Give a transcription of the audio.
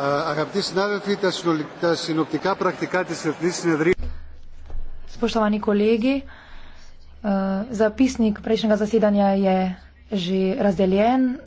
Αγαπητοί συνάδελφοι, τα, συνολικ... τα συνοπτικά πρακτικά της Εθνής Συνεδρίας... Σποσταβάνοι κολλήγοι, записνικ πρέσινγα ζασίδανια είναι ζει ραζδελιέν,